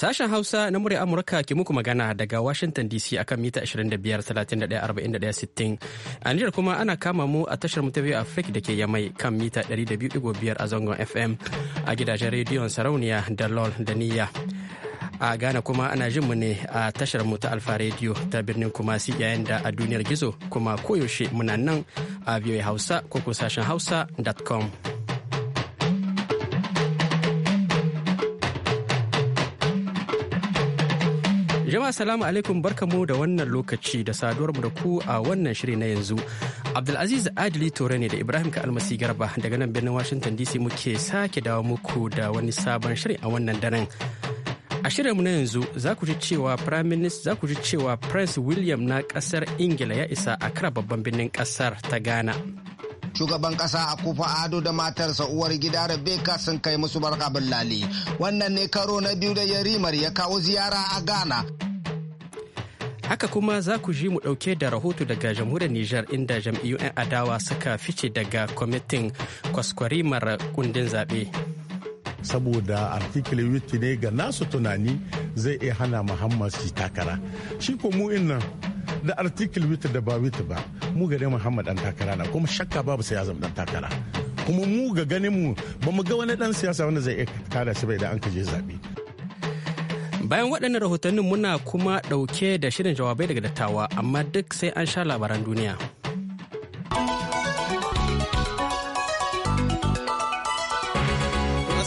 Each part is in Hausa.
Sashen Hausa na murya Amurka ke muku magana daga Washington DC akan mita 25 31 60 A Nijar kuma ana kama mu a tashar mu ta biyu da ke Yamai kan mita 200.5 a zangon FM a gidajen rediyon Sarauniya da LOL da Niyya. a Ghana kuma ana jin mu ne a tashar mu ta Alfa Radio ta birnin Kumasi yayin da a duniyar gizo kuma koyaushe muna nan a Hausa ko sashen hausa.com. Jama'a salamu alaikum barkamu da wannan lokaci da saduwar mu da ku a wannan shiri na yanzu. Abdulaziz Adili Tore ne da Ibrahim ka almasi Garba daga nan birnin Washington DC muke sake dawo muku da wani sabon shirin a wannan daren. A shirin mu na yanzu za ku ji cewa Prime Minister za ku ji cewa Prince William na kasar Ingila ya isa a kara babban birnin kasar ta Ghana. shugaban kasa a kufa ado da matarsa uwar gida rebecca sun kai musu barka lali wannan ne karo na biyu da yarimar ya kawo ziyara a ghana haka kuma za ku ji mu ɗauke da rahoto daga jamhuriyar Nijar inda jam'iyyun adawa suka fice daga kwamitin kwaskwarimar kundin zaɓe. saboda article 8 ne ga nasu tunani zai iya hana muhammad si takara shi ko mu inna Da article wita da ba wita ba mu ga dai muhammad dan takara na kuma shakka babu sai ya dan takara kuma mu ga ganin mu ba mu ga wani dan siyasa wanda zai iya kada shi ba idan an kaje zabe bayan waɗannan rahotannin muna kuma ɗauke da shirin jawabai daga dattawa amma duk sai an sha labaran duniya.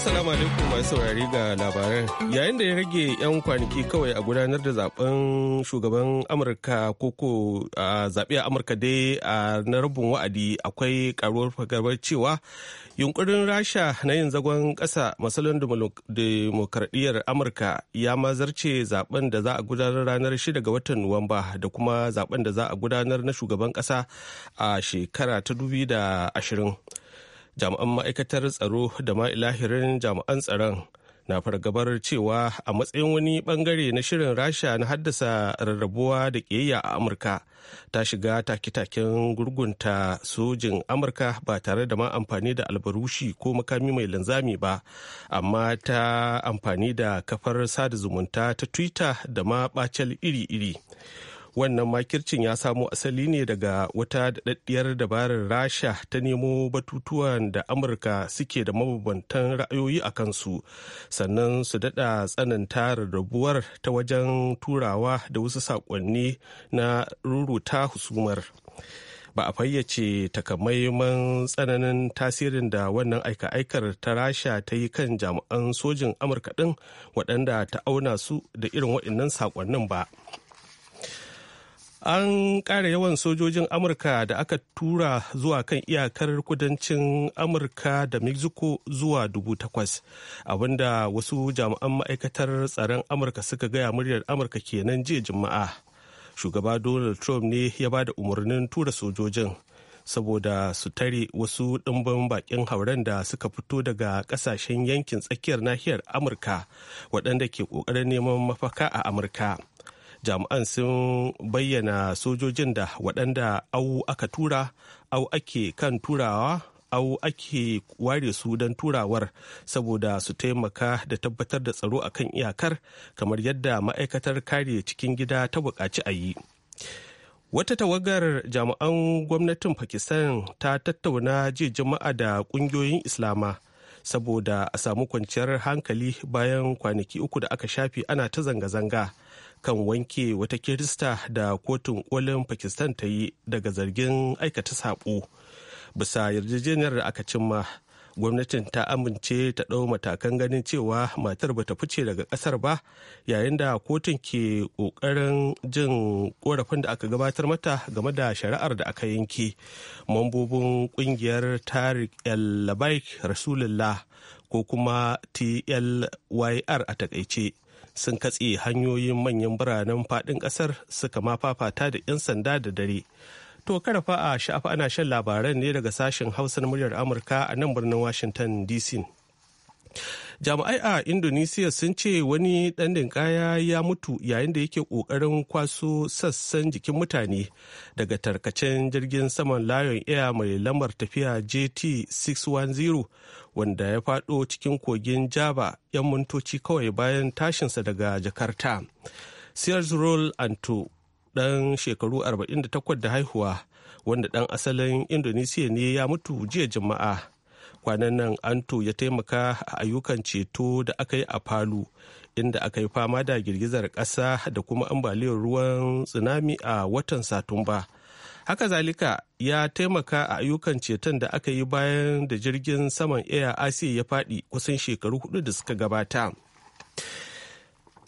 Assalamu alaikum masu saurari ga labaran. Yayin da ya rage 'yan kwanaki kawai a gudanar da zaben shugaban Amurka koko a zaɓe a Amurka dai a na rabin wa'adi akwai karuwar fagabar cewa yunkurin Rasha na yin zagon ƙasa masalin demokradiyyar Amurka ya mazarce zaben da za a gudanar ranar 6 ga watan Nuwamba da kuma zaben da za a gudanar na shugaban ƙasa a shekara ta 2020. jami'an ma'aikatar tsaro da ma ilahirin jami'an tsaron na fargabar cewa a matsayin wani bangare na shirin rasha na haddasa rarrabuwa da ƙiyayya a amurka ta shiga take-taken gurgunta sojin amurka ba tare da ma amfani da albarushi ko makami mai linzami ba amma ta amfani da kafar sada zumunta ta twitter da ma bacel iri-iri wannan makircin ya samo asali ne daga wata daɗaɗɗiyar dabarar rasha ta nemo batutuwan da amurka suke da mabambantan ra'ayoyi a kansu sannan su daɗa tsananta rarrabuwar ta wajen turawa da wasu saƙonni na ruruta husumar ba a fayyace takamaiman tsananin tasirin da wannan aika-aikar ta rasha ta yi kan jami'an sojin amurka ɗin waɗanda ta auna su da irin waɗannan saƙonnin ba an ƙara yawan sojojin amurka da aka tura zuwa kan iyakar kudancin amurka da mexico zuwa dubu takwas abinda wasu jami'an ma'aikatar tsaron amurka suka gaya muryar amurka kenan jiya juma'a shugaba donald trump ne ya ba da umarnin tura sojojin saboda su tare wasu ɗimbin bakin hauren da suka fito daga ƙasashen yankin tsakiyar nahiyar amurka waɗanda ke ƙoƙarin neman mafaka a amurka jami'an sun bayyana sojojin da waɗanda au aka tura au ake kan turawa au ake ware su don turawar saboda su taimaka da tabbatar da tsaro a kan iyakar kamar yadda ma'aikatar kare cikin gida ta buƙaci a yi wata tawagar jami'an gwamnatin pakistan ta tattauna jiya jama'a da ƙungiyoyin islama saboda a samu kwanciyar hankali bayan kwanaki uku da aka shafe ana ta zanga-zanga kan wanke wata kirista da kotun kolin pakistan ta yi daga zargin aikata saɓo bisa yarjejeniyar da aka cimma gwamnatin ta amince ta ɗau matakan ganin cewa matar ba ta fice daga ƙasar ba yayin da kotun ke ƙoƙarin jin ƙorafin da aka gabatar mata game da shari'ar da aka yanke mambobin ƙungiyar tariq el labaik rasulullah ko kuma tlyr a takaice sun katse hanyoyin manyan biranen faɗin ƙasar suka ma fafata da 'yan sanda da dare. To karfa a sha'afa ana shan labaran ne daga sashen Hausa na muryar Amurka a nan birnin Washington DC. jami'ai a indonesia sun ce wani ɗan ninkaya ya mutu yayin da yake ƙoƙarin kwaso sassan jikin mutane daga tarkacen jirgin saman lion air mai lamar tafiya jt 610 wanda ya faɗo cikin kogin java 'yan mintoci kawai bayan tashinsa daga jakarta sears roll anto ɗan shekaru 48 da haihuwa wanda ɗan asalin indonesia ne ya mutu jiya jama'a kwanan nan anto ya taimaka a ayyukan ceto da aka yi a palu inda aka yi fama da girgizar ƙasa da kuma ambaliyar ruwan tsunami a watan satumba haka zalika ya taimaka a ayyukan ceton da aka yi bayan da jirgin saman air asia ya faɗi kusan shekaru hudu da suka gabata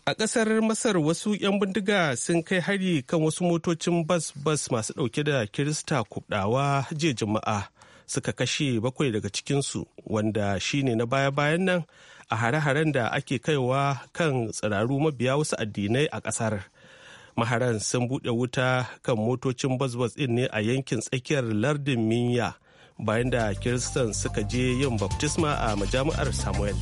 A ƙasar Masar wasu 'yan bindiga sun kai hari kan wasu motocin bas-bas masu ɗauke da Kirista kuɗawa jiya Juma'a suka kashe bakwai daga cikinsu wanda shine na baya-bayan nan a hare-haren da ake kaiwa kan tsiraru mabiya wasu addinai a ƙasar. Maharan sun buɗe wuta kan motocin bazbaz ɗin ne a yankin tsakiyar lardin Minya bayan da Kiristan suka je yin baptisma a majami'ar Samuel.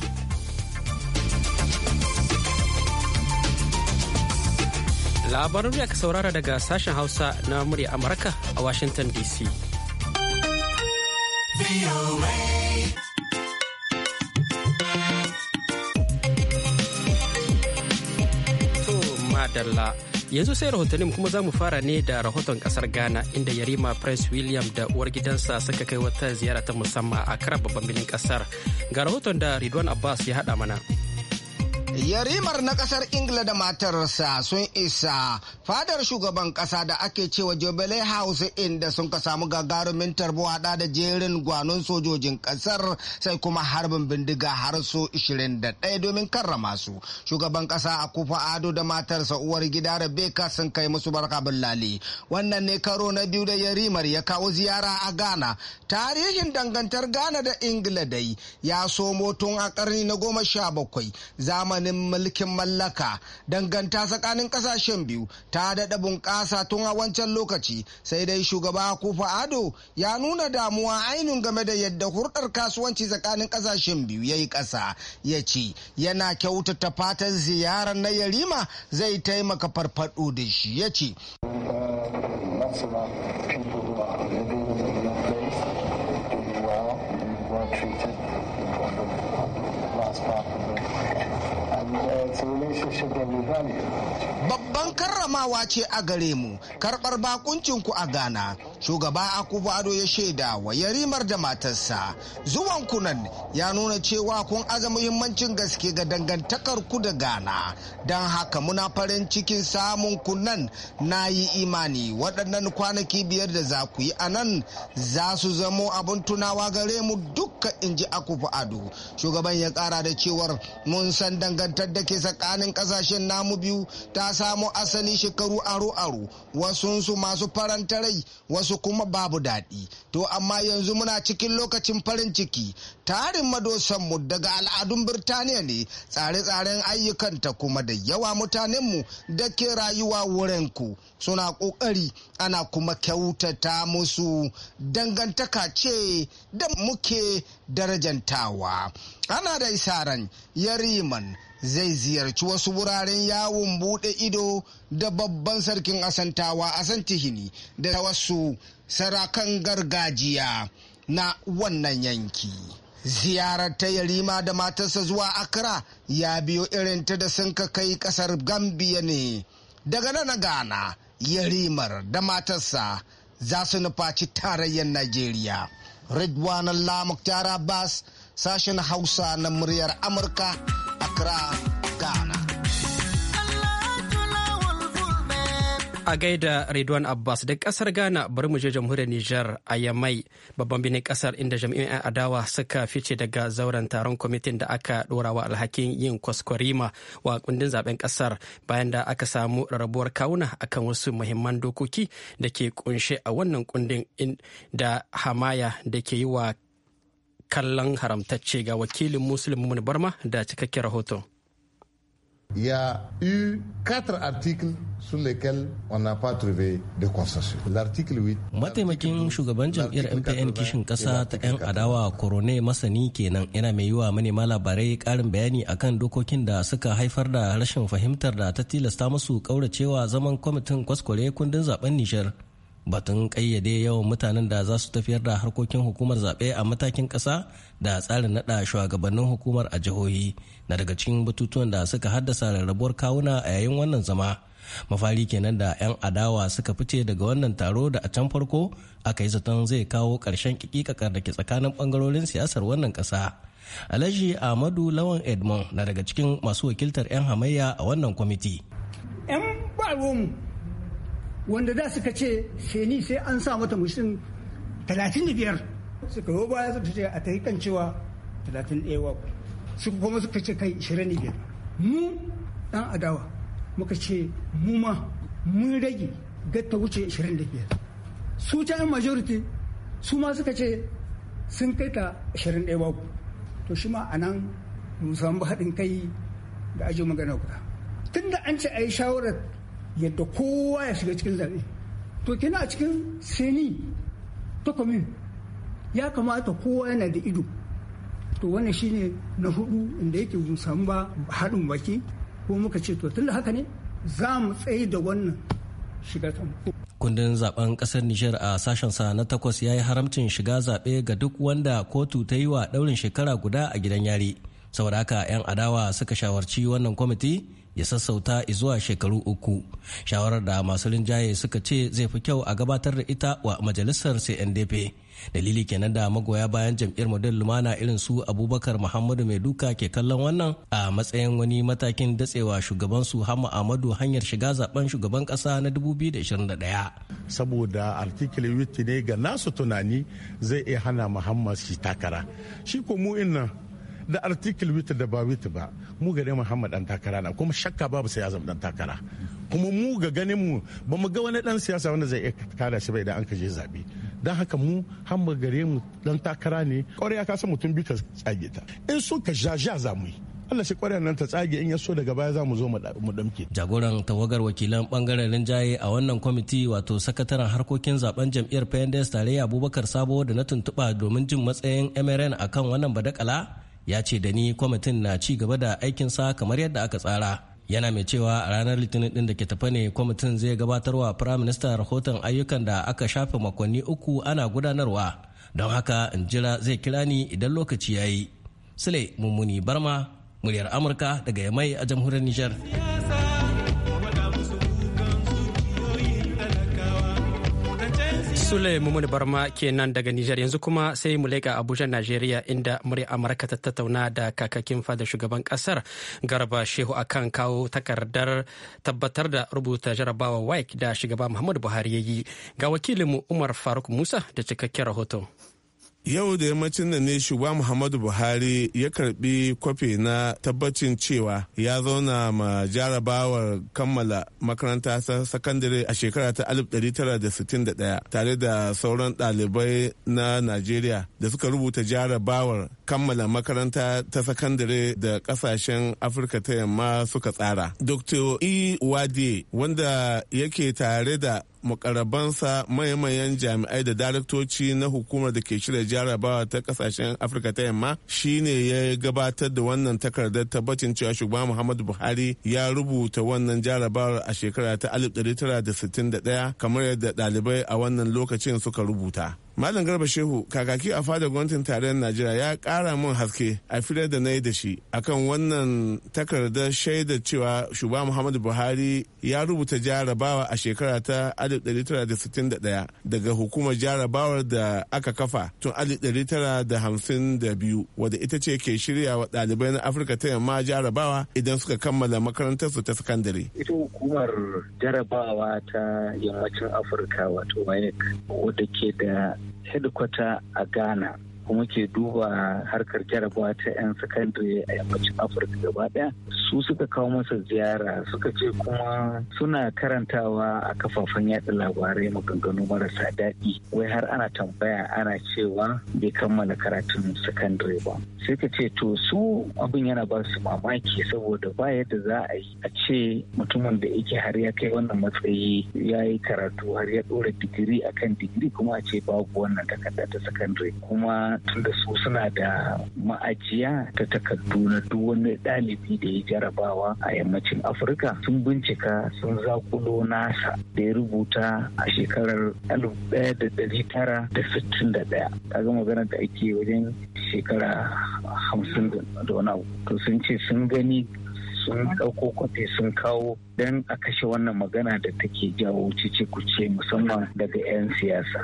Labarin da ka saurara daga sashen Hausa na murya Amurka a Washington DC. Yanzu sai rahotannin kuma za mu fara ne da rahoton kasar Ghana inda Yarima Prince William da uwar gidansa suka kai wata ziyara ta musamman a kara babban birnin kasar. Ga rahoton da Ridwan Abbas ya haɗa mana. Yarimar na kasar Ingila da matarsa sun isa fadar shugaban kasa da ake cewa Jubilee House inda sun ka samu gagarumin tarbo hada da jerin gwanon sojojin kasar sai kuma harbin bindiga har so 21 domin karrama su. Shugaban kasa a kufa ado da matarsa uwar gida Rebecca sun kai musu barka lali. Wannan ne karo na biyu da Yarimar ya kawo ziyara a Ghana. Tarihin dangantar Ghana da Ingila dai ya somo tun a karni na goma sha bakwai zamani tsakanin mulkin mallaka danganta tsakanin kasashen biyu ta daɗa bunƙasa tun a wancan lokaci sai dai shugaba kufa ado ya nuna damuwa ainihin game da yadda hurɗar kasuwanci tsakanin kasashen biyu ya yi ƙasa ya ce yana kyautata fatan ziyarar na yarima zai taimaka farfaɗo da shi ya ce babban karramawa ce a gare mu karɓar bakuncinku a ghana shugaba akubu ado ya shaida wa yarimar da matarsa zuwan kunan ya nuna cewa kun aza muhimmancin gaske ga dangantakar ku da gana don haka muna farin cikin samun kunan na yi imani waɗannan kwanaki biyar da za ku yi a nan za su zamo abin tunawa gare mu duka in ji akubu ado shugaban ya ƙara da cewar mun san dangantar da ke tsakanin ƙasashen namu biyu ta samo asali shekaru aro-aro su masu farantarai wasu yanzu kuma babu daɗi to amma yanzu muna cikin lokacin farin ciki tarin mu daga al'adun birtaniya ne tsare-tsaren ayyukanta kuma da yawa mutanenmu da ke rayuwa wurin ku suna ƙoƙari ana kuma kyautata musu dangantaka ce da muke darajantawa ana da isaran yariman zai ziyarci wasu wuraren yawon bude ido da babban sarkin asantawa a santihini da wasu sarakan gargajiya na wannan yanki ziyarar ta yarima da matarsa zuwa akra ya biyo irinta da sun ka kai kasar gambia ne daga nan gana, yarimar da matarsa za su nufaci tarayyar najeriya ridwan allah muktar abbas sashen Hausa na muryar Amurka, Accra, Ghana. A gaida Redwan Abbas da kasar Ghana bari mu je jamhuriyar Nijar a Yamai babban binin kasar inda jami'an adawa suka fice daga zauren taron kwamitin da aka wa alhakin yin kwaskwarima wa kundin zaben kasar bayan da aka samu rarrabuwar kawuna akan wasu muhimman dokoki da ke kunshe a wannan kundin da hamaya da ke yi wa kallon haramtacce ga wakilin Muslim Barma da cikakken rahoton. Ya yi sur lesquels de consensus. L'article 8. Mataimakin shugaban jam'iyyar MPN kishin kasa ta 'yan adawa korone masani kenan yana mai yiwa manema labarai karin bayani akan dokokin da suka haifar da rashin fahimtar da ta tilasta musu kauracewa zaman kwamitin kwaskware kundin zaben Nijar. batun ƙayyade yawan mutanen da za su tafiyar da harkokin hukumar zaɓe a matakin ƙasa da tsarin naɗa shugabannin hukumar a jihohi na daga cikin batutuwan da suka haddasa rarrabuwar kawuna a yayin wannan zama mafari kenan da 'yan adawa suka fice daga wannan taro da a can farko aka yi zaton zai kawo ƙarshen kikikakar da ke tsakanin ɓangarorin siyasar wannan ƙasa alhaji ahmadu lawan edmond na daga cikin masu wakiltar 'yan hamayya a wannan kwamiti 'yan wanda za suka ce seni sai an sa mata mutum 35 suka yi baya su ce a ta yi kan cewa 31 wa suka kuma suka ce kai 25 mu dan adawa muka ce mu ma mun rage gata wuce 25 su ta yan majority su ma suka ce sun kai ta 21 to shi ma a nan musamman samu haɗin kai da ajiyar magana guda tun da an ce a yi shawarar yadda kowa ya shiga cikin zaɓe to kina a cikin seni ta komin ya kamata kowa yana da ido to wannan shine na hudu inda yake mu samu ba haɗin baki ko muka ce to tun da haka ne za mu tsaye da wannan shiga ta kundin zaben kasar Nijar a sashen sa na takwas ya yi haramcin shiga zaɓe ga duk wanda kotu ta yi wa ɗaurin shekara guda a gidan yari. saboda haka 'yan adawa suka shawarci wannan kwamiti ya sassauta zuwa shekaru uku shawarar da masu linjaye suka ce zai fi kyau a gabatar da ita wa majalisar cndp dalili kenan da magoya bayan jam'iyyar model lumana irin su abubakar muhammadu mai duka ke kallon wannan a matsayin wani matakin datsewa shugabansu hama amadu hanyar shiga zaben shugaban kasa na 2021 saboda witi ne ga nasu tunani zai iya hana muhammad shi takara shi ko mu nan. da article wita da ba wita ba mu gane muhammad dan takara na kuma shakka babu sai azam dan takara kuma mu ga ganin mu ba mu ga wani dan siyasa wanda zai iya kada shi ba idan an kaje zabe dan haka mu hamma gare mu dan takara ne kwarai ka san mutum bita ka tsage ta in so ka jaja za mu yi Allah shi kwarai nan ta tsage in ya so daga baya za mu zo mu damke. Jagoran tawagar wakilan bangaren rinjaye a wannan kwamiti wato sakataren harkokin zaben jam'iyyar PNDS Tare, Abubakar Sabo da na tuntuba domin jin matsayin MRN akan wannan badakala ya ce da ni kwamitin na ci gaba da aikinsa kamar yadda aka tsara yana mai cewa a ranar litinin din da ke tafa ne kwamitin zai gabatar wa firayim rahoton ayyukan da aka shafe makonni uku ana gudanarwa don haka in jira zai kira ni idan lokaci ya yi sule mummuni barma muryar amurka daga yamai a jamhuriyar nijar Sule Mumuni Barma kenan daga Nijar yanzu kuma sai mu leƙa Abuja Najeriya inda murya Amurka ta tattauna da kakakin fada shugaban kasar Garba Shehu akan kawo takardar tabbatar da rubuta jarabawa WAEC da shugaba Muhammadu Buhari ya yi ga wakilinmu Umar Faruk Musa da cikakken rahoton. yau da yammacin da ne shugaba muhammadu buhari ya karbi kwafe na tabbacin cewa ya zauna ma jarabawar kammala makaranta ta sakandare a shekara ta 1961 tare da sauran ɗalibai na najeriya da suka rubuta jarabawar kammala makaranta ta sakandare da kasashen afirka ta yamma suka tsara dr e wadi wanda yake tare da makarabansa mayamayan jami'ai da daraktoci na hukumar da ke shirya jarabawa ta kasashen afirka ta yamma shine ya gabatar da wannan takardar tabbacin cewa shugaba muhammadu buhari ya rubuta wannan jarabawar a shekara ta 1961 kamar yadda ɗalibai a wannan lokacin suka rubuta Malam Garba Shehu kakaki a fadar gwamnatin tarayyar Najeriya ya kara mun haske a filar da na yi da shi akan wannan takardar shaidar cewa Shugaba Muhammadu Buhari ya rubuta jarabawa a shekara ta 1961 daga hukumar jarabawar da aka kafa tun 1952 wadda ita ce ke shirya wa ɗalibai na Afirka ta yamma jarabawa idan suka kammala makarantar su ta sakandare. Ita hukumar jarabawa ta yammacin Afirka wato wadda ke da headquarter a ghana kuma ke duba harkar jarabawa ta 'yan sakandare a yammacin afirka gaba daya su suka kawo masa ziyara suka ce kuma suna karantawa a kafafen yada labarai maganganu marasa daɗi wai har ana tambaya ana cewa bai kammala karatun sakandare ba sai ka ce to su abin yana ba su mamaki saboda ba yadda za a yi a ce mutumin da yake har ya kai wannan matsayi ya yi karatu har ya ɗora digiri akan digiri kuma a ce babu wannan takarda ta sakandare kuma tunda su suna da ma'ajiya ta takardu na duk wani ɗalibi da ya jarabawa a yammacin afirka sun bincika sun zakulo nasa da ya rubuta a shekarar 1961 gama magana da ake wajen shekara hamsin da wani abu to sun ce sun gani sun ɗauko kwafe sun kawo Idan a kashe wannan magana da take jawo cice kuce musamman daga 'yan siyasa.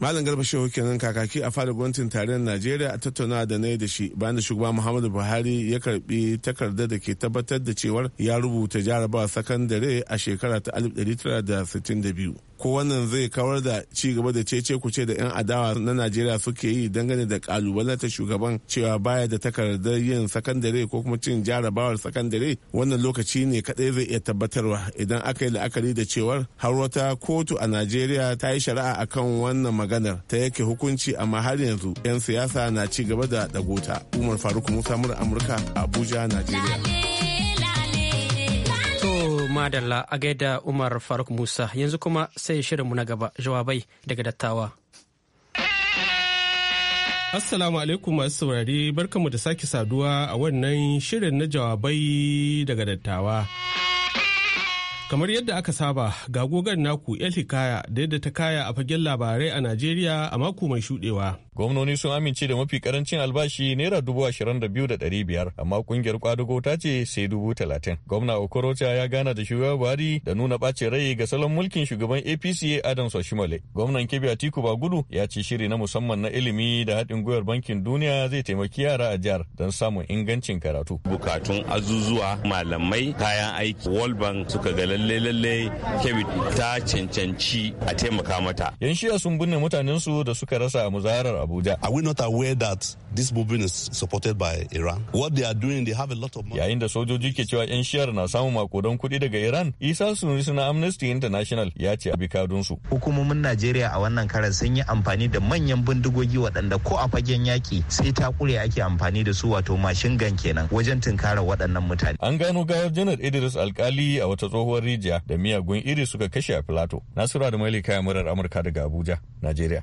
Malam Garba Shehu kenan kakaki a fara gwamnatin tarayyar Najeriya a tattauna da na da shi bayan da shugaban Muhammadu Buhari ya karbi takardar da ke tabbatar da cewar ya rubuta jarabawa sakandare a shekara ta 1962. Ko wannan zai kawar da ci gaba da cece kuce da 'yan adawa na Najeriya suke yi dangane da kalubalen ta shugaban cewa baya da takardar yin sakandare ko kuma cin jarabawar sakandare wannan lokaci ne kadai zai iya tabbatar aiwatarwa idan aka yi la'akari da cewar har wata kotu a najeriya ta yi shari'a akan wannan maganar ta yake hukunci amma har yanzu 'yan siyasa na ci gaba da dagota umar faruk musa mura amurka abuja najeriya To madalla a gaida umar faruk musa yanzu kuma sai shirinmu na gaba jawabai daga dattawa assalamu alaikum masu saurari barkamu da sake saduwa a wannan shirin na jawabai daga dattawa Kamar yadda aka saba, ga gogar naku El Hikaya da yadda ta kaya a fagen labarai a Najeriya a mako mai shudewa. gwamnoni sun amince da mafi karancin albashi naira dubu ashirin da biyu da ɗari biyar amma kungiyar kwadugo ta ce sai dubu talatin gwamna okorocha ya gana da shugaban buhari da nuna ɓacin rai ga salon mulkin shugaban apc adams oshimale gwamnan kebbi atiku bagudu ya ce shiri na musamman na ilimi da haɗin gwiwar bankin duniya zai taimaki yara a jihar don samun ingancin karatu bukatun azuzuwa malamai kayan aiki world bank suka ga lalle lalle kebbi ta cancanci a taimaka mata yan shiya sun binne mutanensu da suka rasa a muzaharar Abuja. Are we not aware that this movement is supported by Iran? What they are doing, they have a lot of money. Yayin da sojoji ke cewa 'yan shiyar na samun makodon kuɗi daga Iran, Isa Sunusi na Amnesty International ya ce a bikadunsu. Hukumomin Najeriya a wannan karan sun yi amfani da manyan bindigogi waɗanda ko a fagen yaƙi sai takure ake amfani da su wato mashin gan kenan wajen tunkara waɗannan mutane. An gano gayar janar Idris Alkali a wata tsohuwar rijiya da miyagun iri suka kashe a Filato. Nasiru da Malika murar Amurka daga Abuja, Najeriya.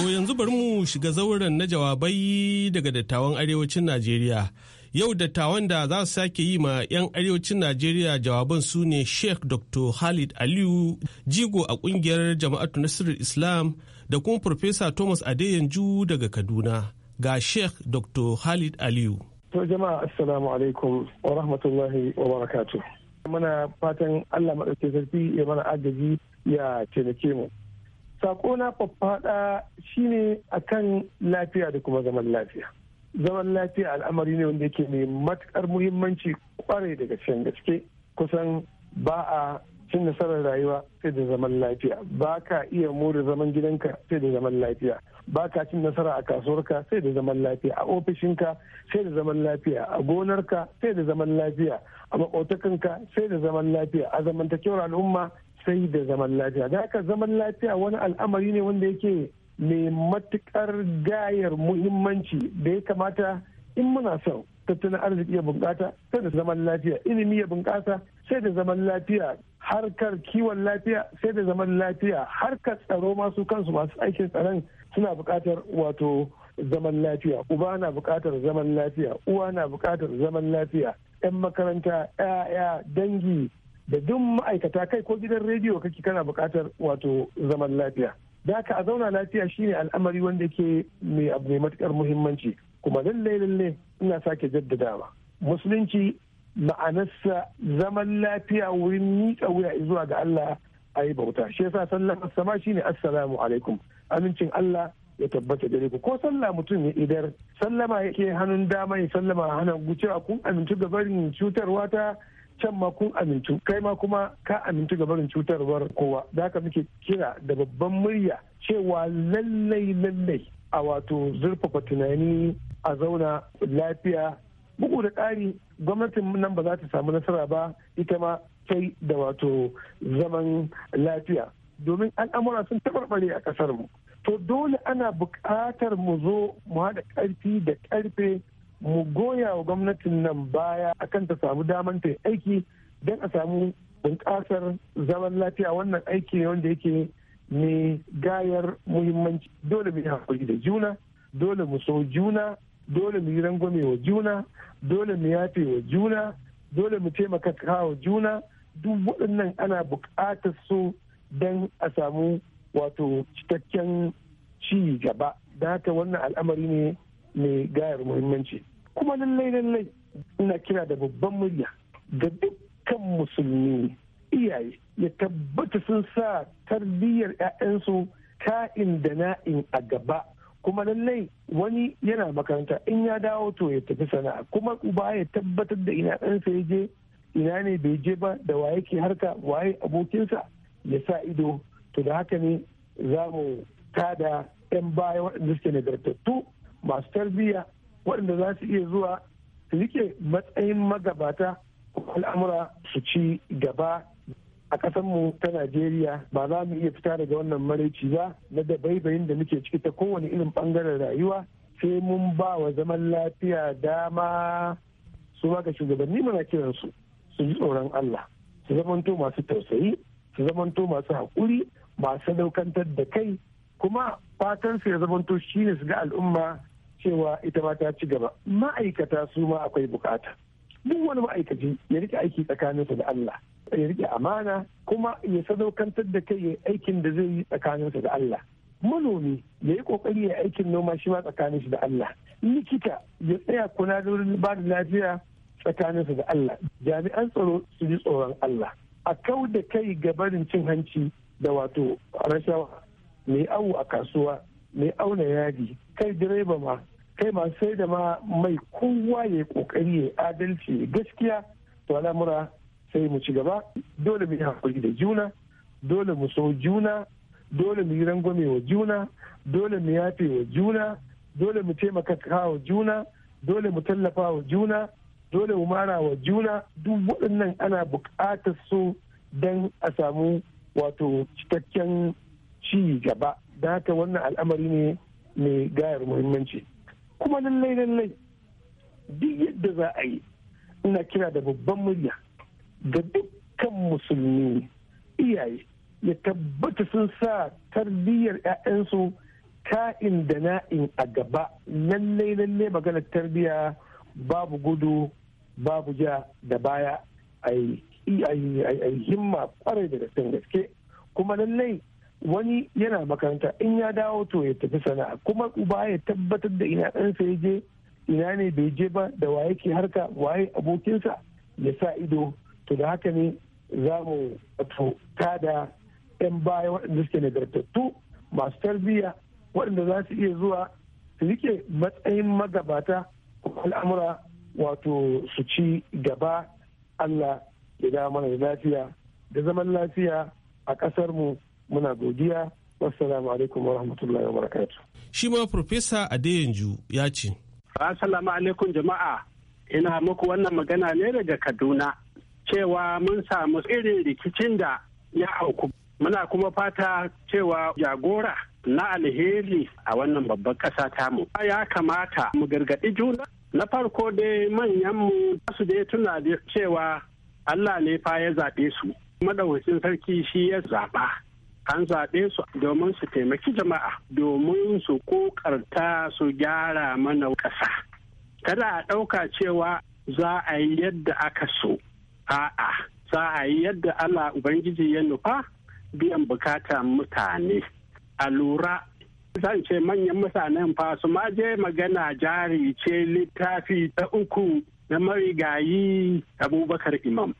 To yanzu bari mu shiga zauren na jawabai daga dattawan arewacin Najeriya. Yau dattawan da za su sake yi ma 'yan arewacin Najeriya jawaban su ne Sheikh Dr. Khalid Aliyu, jigo a kungiyar Jama'atu Nasirar Islam da kuma Profesa Thomas Adeyanju daga Kaduna. Ga Sheikh Dr. Khalid Aliyu. To jama'a assalamu alaikum wa rahmatullahi wa barakatuh. Muna fatan Allah maɗauke sarki ya mana agaji ya taimake mu. na faffaɗa shine akan lafiya da kuma zaman lafiya zaman lafiya al'amari ne wanda yake mai matukar muhimmanci kwarai daga can gaske kusan ba a cin nasarar rayuwa sai da zaman lafiya ba ka iya more zaman gidanka sai da zaman lafiya ba ka cin nasara a kasuwarka sai da zaman lafiya a ofishinka sai da zaman lafiya a gonarka sai da zaman lafiya a makotakanka sai da zaman lafiya a zamantakewar al'umma sai da zaman lafiya da haka zaman lafiya wani al'amari ne wanda yake mai matukar gayar muhimmanci da ya kamata in muna son tattalin arziki ya bunƙasa sai da zaman lafiya ilimi ya bunƙasa sai da zaman lafiya harkar kiwon lafiya sai da zaman lafiya harkar tsaro masu kansu masu aikin tsaron suna buƙatar wato zaman lafiya uba na buƙatar zaman lafiya uwa na buƙatar zaman lafiya 'yan makaranta 'ya'ya dangi da duk ma'aikata kai ko gidan rediyo kake kana buƙatar wato zaman lafiya da haka a zauna lafiya shine al'amari wanda ke mai abu mai matukar muhimmanci kuma lallai lallai ina sake jaddadawa musulunci ma'anarsa zaman lafiya wurin miƙa wuya zuwa ga Allah a yi bauta shi yasa sallar sama shine assalamu alaikum amincin Allah ya tabbata gare ku ko sallah mutum ya idar sallama yake hannun dama ya sallama hana gucewa kun amince ga barin cutarwa ta can ma kun amintu kai ma kuma ka amintu ga barin cutarwar kowa da haka muke kira da babban murya cewa lallai lallai a wato zurfafa tunani a zauna lafiya bugu da ƙari gwamnatin nan ba za ta samu nasara ba ita ma sai da wato zaman lafiya domin al'amura sun tabarbare a ƙasar mu to dole ana buƙatar mu zo mu haɗa ƙarfi da ƙarfe mu goya wa gwamnatin nan baya akan ta samu daman ta aiki don a samu bunƙasar zaman lafiya wannan aiki ne wanda yake mai gayar muhimmanci dole mu yi haƙuri da juna dole mu so juna dole mu yi rangwame wa juna dole mu yafe wa juna dole mu taimaka wa juna duk waɗannan ana buƙatar su don a samu wato cikakken ci gaba da haka wannan al'amari ne mai gayar muhimmanci kuma lallai lallai ina kira da babban murya ga dukkan musulmi iyaye ya tabbata sun sa tarbiyyar 'ya'yansu ka'in da na'in a gaba kuma lallai wani yana makaranta in ya dawo to ya tafi sana'a kuma uba ya tabbatar da ina ɗansa ya je ina ne bai je ba da waye ke harka waye abokinsa ya sa ido to da haka ne za mu tada 'yan baya waɗanda suke nagartattu masu tarbiyya waɗanda za su iya zuwa su rike matsayin magabata al'amura su ci gaba a mu ta najeriya ba za mu iya fita daga wannan maraici ba na dabaibayin da muke ciki ta kowane irin ɓangaren rayuwa sai mun ba wa zaman lafiya dama su ga shugabanni mana kiran su su ji tsoron allah su zamanto masu tausayi su zamanto masu haƙuri masu daukantar da kai kuma fatan su ya zamanto shine su ga al'umma cewa ita ma ta ci gaba ma'aikata su ma akwai bukata duk wani ma'aikaci ya rike aiki tsakaninsa da Allah ya rike amana kuma ya sadaukantar da kai ya aikin da zai yi tsakaninsa da Allah manomi ya yi kokari ya aikin noma shi ma tsakaninsa da Allah likita ya tsaya kuna da ba da lafiya tsakaninsa da Allah jami'an tsaro su ji tsoron Allah a kau da kai ga cin hanci da wato rashawa mai awo a kasuwa mai auna yadi kai direba ma kai ma sai da ma mai kowa ya kokari ya adalci gaskiya to al'amura sai mu ci gaba dole mu yi hakuri da juna dole mu so juna dole mu yi rangwame wa juna dole mu yafe wa juna dole mu taimaka wa juna dole mu tallafa wa juna dole mu mara wa juna duk waɗannan ana buƙatar su don a samu wato cikakken ci gaba da haka wannan al'amari ne mai gayar muhimmanci kuma lallai lallai duk yadda za a yi ina kira da babban murya ga dukkan musulmi iyaye ya tabbata sun sa tarbiyyar 'ya'yansu ka'in da na'in a gaba lallai lallai maganar tarbiyya babu gudu babu ja da baya a yi himma kwarai da gaske kuma lallai wani yana makaranta in ya dawo to ya tafi sana'a kuma uba ya tabbatar da ina ɗansa ya je ina ne bai je ba da waye ke harka waye abokinsa ya sa ido to da haka ne za mu da 'yan baya waɗanda suke nagartattu masu tarbiyya waɗanda za su iya zuwa su rike matsayin magabata al'amura wato su ci gaba Allah ya da mana lafiya da zaman lafiya a ƙasarmu muna godiya wassalamu alaikum wa rahmatullahi wa barakatu shi ma profesa adeyanju ya ce assalamu alaikum jama'a ina muku wannan magana ne daga kaduna cewa mun samu irin rikicin da ya auku muna kuma fata cewa jagora na alheri a wannan babban ƙasa tamu ya kamata mu gargaɗi juna na farko dai manyanmu su dai tuna cewa allah ne fa ya zaɓe su madawacin sarki shi ya zaɓa an zaɓe su domin su taimaki jama'a domin su kokarta su gyara mana ƙasa kada a ɗauka cewa za a yi yadda aka so a'a za a yi yadda allah ubangiji ya nufa biyan bukata mutane a lura zan ce manyan mutanen fa su je magana jari ce littafi ta uku na marigayi abubakar imam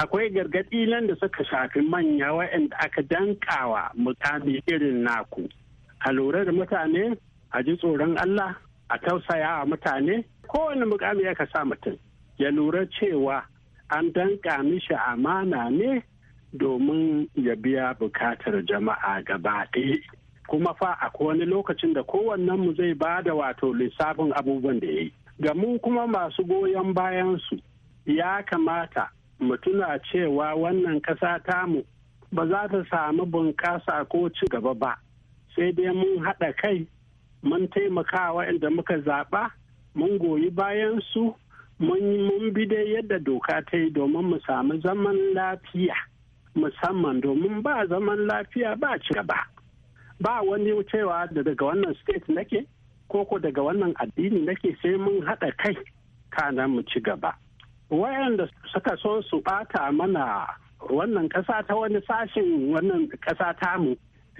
akwai gargaɗi nan da suka shafi manya waɗanda aka dankawa mutane irin naku a lura da mutane a ji tsoron Allah a tausaya wa mutane kowane mukami ya sa mutum ya lura cewa an danka mishi amana ne domin ya biya bukatar jama'a gaba kuma fa akwai wani lokacin da mu zai ba da wato lissafin abubuwan da ya yi ga mu kuma masu goyon bayansu ya kamata mu tuna cewa wannan ƙasa tamu ba za ta samu bunƙasa ko ci gaba ba sai dai mun haɗa kai mun taimaka inda muka zaɓa mun goyi bayan su mun bi dai yadda doka ta yi domin mu samu zaman lafiya musamman domin ba zaman lafiya ba ci gaba ba wani cewa da daga wannan state nake ko ko daga wannan addini nake sai mun haɗa kai kana mu ci gaba wayanda suka so su bata mana wannan kasa ta wani sashen wannan kasa tamu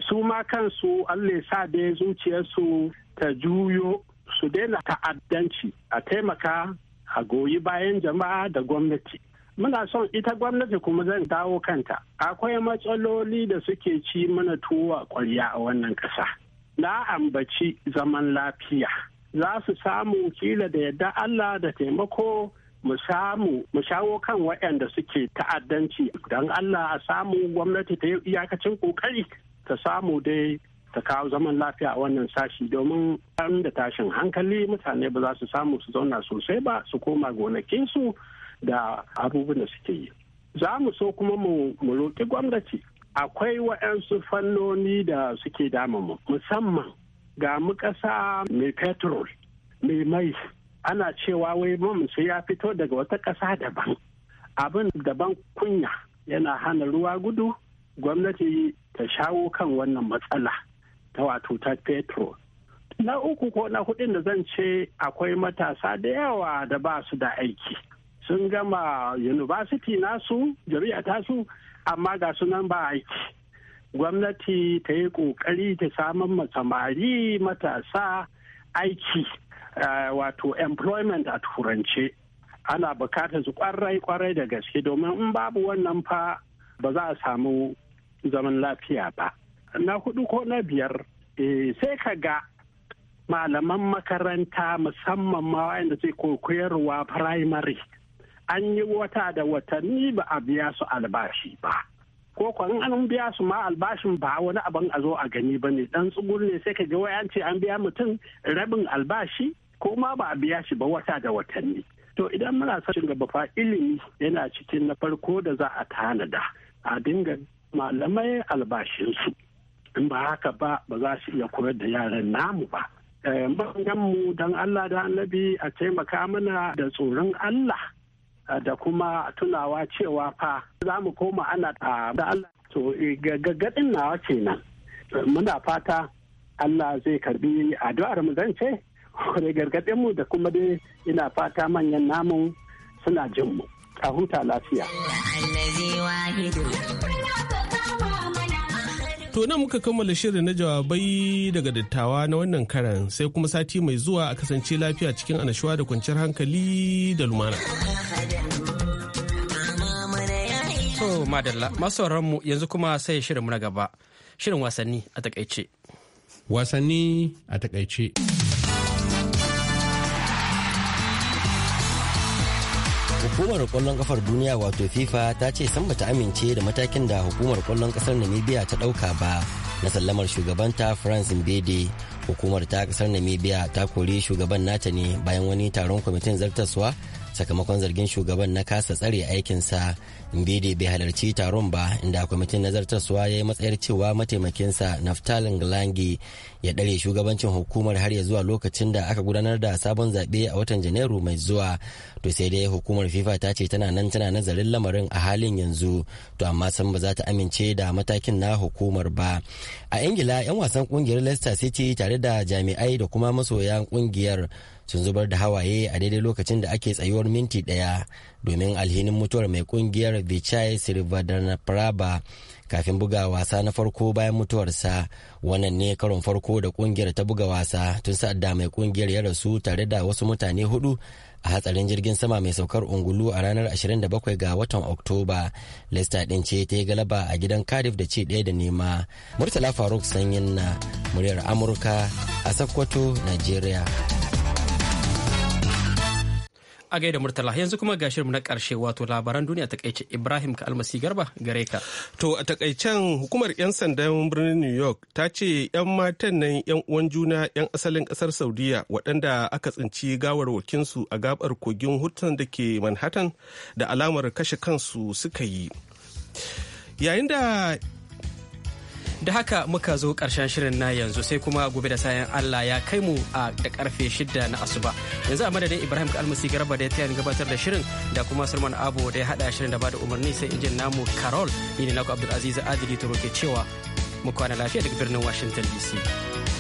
su ma kansu allah sa da zuciyarsu ta juyo su daina ta'addanci a taimaka a goyi bayan jama'a da gwamnati muna son ita gwamnati kuma zan dawo kanta akwai matsaloli da suke ci mana tuwa kwarya a wannan ƙasa na ambaci zaman lafiya za su samu kila da yadda allah da taimako mu mu shawo kan waɗanda suke ta'addanci don Allah a samu gwamnati ta yi iyakacin kokari ta samu dai ta kawo zaman lafiya a wannan sashi domin an da tashin hankali mutane ba za su samu su zauna sosai ba su koma gonakinsu da abubuwan da suke yi za mu so kuma mu roƙi gwamnati akwai waɗansu fannoni da suke damamu musamman ga mu ƙasa mai petrol mai mai ana cewa wai su ya fito daga wata ƙasa daban abin daban kunya yana hana ruwa gudu gwamnati ta shawo kan wannan matsala ta wato ta petro na uku ko na hudun da zan ce akwai matasa da yawa da ba su da aiki sun gama university nasu jari'a tasu amma ga sunan ba aiki gwamnati ta yi kokari ta samun samari matasa aiki Eh, wato employment a turance ana bukatar su kwarai kwarai da gaske domin in babu wannan fa ba za a samu zaman lafiya ba na hudu ko na biyar eh, sai ka ga malaman makaranta musamman ma wanda zai koyarwa primary an yi wata da watanni ba a biya su albashi ba ko ko an biya su ma albashin ba wani abin a zo a gani ba ne dan tsugur ne sai ka ga wai an ce an biya mutum rabin albashi ko ma ba a biya shi ba wata da watanni to idan muna son gaba fa ilimi yana cikin na farko da za a tanada a dinga malamai albashinsu in ba haka ba ba za su iya koyar da yaran namu ba eh, mu don Allah da annabi a taimaka mana da tsoron Allah da kuma tunawa cewa fa za mu koma ana da Allah to eh, gaggadin nawa kenan muna fata Allah zai karbi addu'ar mu zan ce da gargaɗin mu da kuma dai ina fata manyan namun suna jin mu a huta lafiya To nan muka kammala shirin na jawabai daga dattawa na wannan karan sai kuma sati mai zuwa a kasance lafiya cikin anashuwa da kwanciyar hankali da lumana. Madalla, mu yanzu kuma sai shirin na gaba, shirin wasanni a takaice. Wasanni a takaice. Hukumar kwallon kafar duniya wato FIFA ta ce san bata amince da matakin da hukumar kwallon kasar Namibia ta ɗauka ba na sallamar shugabanta France Mbede. Hukumar ta kasar Namibia ta kori shugaban nata ne bayan wani taron kwamitin zartaswa sakamakon zargin shugaban na kasa tsare aikinsa bidi bai halarci taron ba inda kwamitin nazartarsuwa ya yi matsayar cewa mataimakinsa naftalin ngalangi ya ɗare shugabancin hukumar har ya zuwa lokacin da aka gudanar da sabon zaɓe a watan janairu mai zuwa to sai dai hukumar fifa ta ce tana nan tana nazarin lamarin a halin yanzu to amma san ba za ta amince da matakin na hukumar ba a ingila 'yan wasan kungiyar leicester city tare da jami'ai da kuma masoya kungiyar sun zubar da hawaye a daidai lokacin da ake tsayuwar minti daya domin alhinin mutuwar mai kungiyar vichai sirivadanapraba kafin buga wasa na farko bayan mutuwarsa wannan ne karon farko da kungiyar ta buga wasa tun sa'adda mai kungiyar ya rasu tare da wasu mutane hudu a hatsarin jirgin sama mai saukar ungulu a ranar 27 ga watan oktoba leicester din ce ta yi galaba a gidan cardiff da ce ɗaya da nema murtala faruk sanyin na muryar amurka a sakkwato nigeria A gaida Murtala yanzu kuma ga na ƙarshe wato labaran duniya ta kaice Ibrahim ka almasi garba gare ka. To a takaicen hukumar 'yan sandan birnin New York ta ce 'yan matan nan 'yan uwan juna 'yan asalin ƙasar Saudiya waɗanda aka tsinci gawar wakinsu a gabar kogin Hudson da ke Manhattan da alamar kashe kansu suka yi. Yayin da da haka muka zo karshen shirin na yanzu sai kuma gobe da sayan Allah ya kai mu a da karfe shida na asuba yanzu a madadin Ibrahim Kalmasi Garba da ya tayar gabatar da shirin da kuma Sulman Abu da ya hada shirin da bada umarni sai injin namu Carol ni ne naku Abdul Aziz Adili Toro ke cewa mu kwana lafiya daga birnin Washington DC